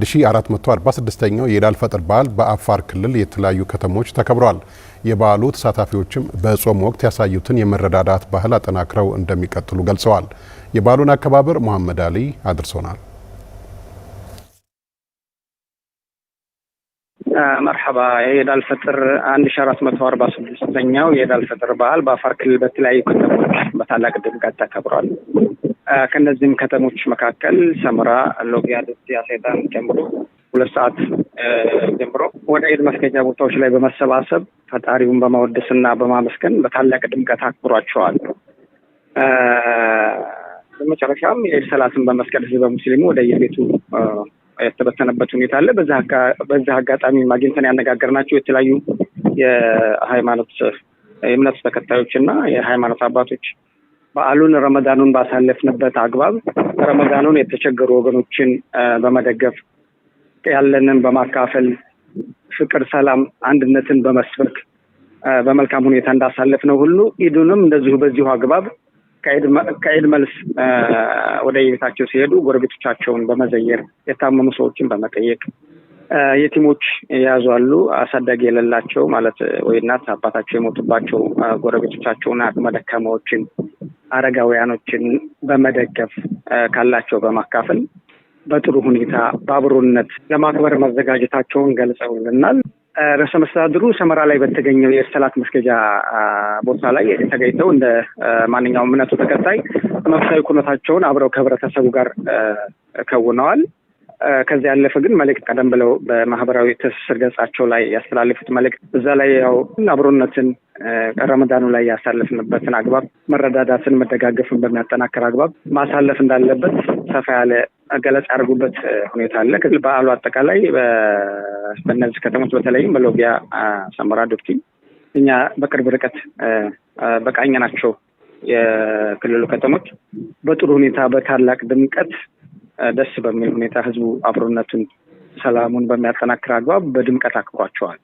1446ኛው የኢድ ፈጥር በዓል በአፋር ክልል የተለያዩ ከተሞች ተከብሯል። የበዓሉ ተሳታፊዎችም በጾም ወቅት ያሳዩትን የመረዳዳት ባህል አጠናክረው እንደሚቀጥሉ ገልጸዋል። የበዓሉን አከባበር መሐመድ አሊ አድርሶናል። መርሐባ የኢድ ፈጥር አንድ ሺ አራት መቶ አርባ ስድስተኛው ፈጥር በዓል በአፋር ክልል በተለያዩ ከተሞች በታላቅ ድምቀት ተከብሯል። ከእነዚህም ከተሞች መካከል ሰመራ፣ ሎጊያ፣ ደሴ፣ ሰይጣን ጀምሮ ሁለት ሰዓት ጀምሮ ወደ ኢድ መስገጃ ቦታዎች ላይ በመሰባሰብ ፈጣሪውን በማወደስና በማመስገን በታላቅ ድምቀት አክብሯቸዋል። በመጨረሻም የኢድ ሰላትን በመስገድ ህዝበ ሙስሊሙ ወደ የቤቱ የተበተነበት ሁኔታ አለ። በዛ አጋጣሚ ማግኝተን ያነጋገርናቸው የተለያዩ የሃይማኖት የእምነት ተከታዮች እና የሃይማኖት አባቶች በዓሉን ረመዳኑን ባሳለፍንበት አግባብ ረመዳኑን የተቸገሩ ወገኖችን በመደገፍ ያለንን በማካፈል ፍቅር፣ ሰላም፣ አንድነትን በመስበክ በመልካም ሁኔታ እንዳሳለፍ ነው ሁሉ ኢዱንም እንደዚሁ በዚሁ አግባብ ከኢድ መልስ ወደ የቤታቸው ሲሄዱ ጎረቤቶቻቸውን በመዘየር የታመሙ ሰዎችን በመጠየቅ የቲሞች የያዙ አሉ፣ አሳዳጊ የሌላቸው ማለት ወይ እናት አባታቸው የሞቱባቸው ጎረቤቶቻቸውን አቅመ ደካማዎችን አረጋውያኖችን በመደገፍ ካላቸው በማካፈል በጥሩ ሁኔታ በአብሮነት ለማክበር መዘጋጀታቸውን ገልጸውልናል። ርዕሰ መስተዳድሩ ሰመራ ላይ በተገኘው የእርሰላት መስገጃ ቦታ ላይ ተገኝተው እንደ ማንኛውም እምነቱ ተከታይ መንፈሳዊ ኩነታቸውን አብረው ከህብረተሰቡ ጋር ከውነዋል። ከዚ ያለፈ ግን መልእክት ቀደም ብለው በማህበራዊ ትስስር ገጻቸው ላይ ያስተላለፉት መልእክት እዛ ላይ ያው አብሮነትን ረመዳኑ ላይ ያሳለፍንበትን አግባብ መረዳዳትን፣ መደጋገፍን በሚያጠናክር አግባብ ማሳለፍ እንዳለበት ሰፋ ያለ ገለጻ ያደርጉበት ሁኔታ አለ። በአሉ አጠቃላይ በእነዚህ ከተሞች በተለይም በሎጊያ፣ ሰመራ፣ ዱብቲ እኛ በቅርብ ርቀት በቃኝ ናቸው የክልሉ ከተሞች በጥሩ ሁኔታ በታላቅ ድምቀት ደስ በሚል ሁኔታ ህዝቡ አብሮነቱን ሰላሙን በሚያጠናክር አግባብ በድምቀት አክብሯቸዋል።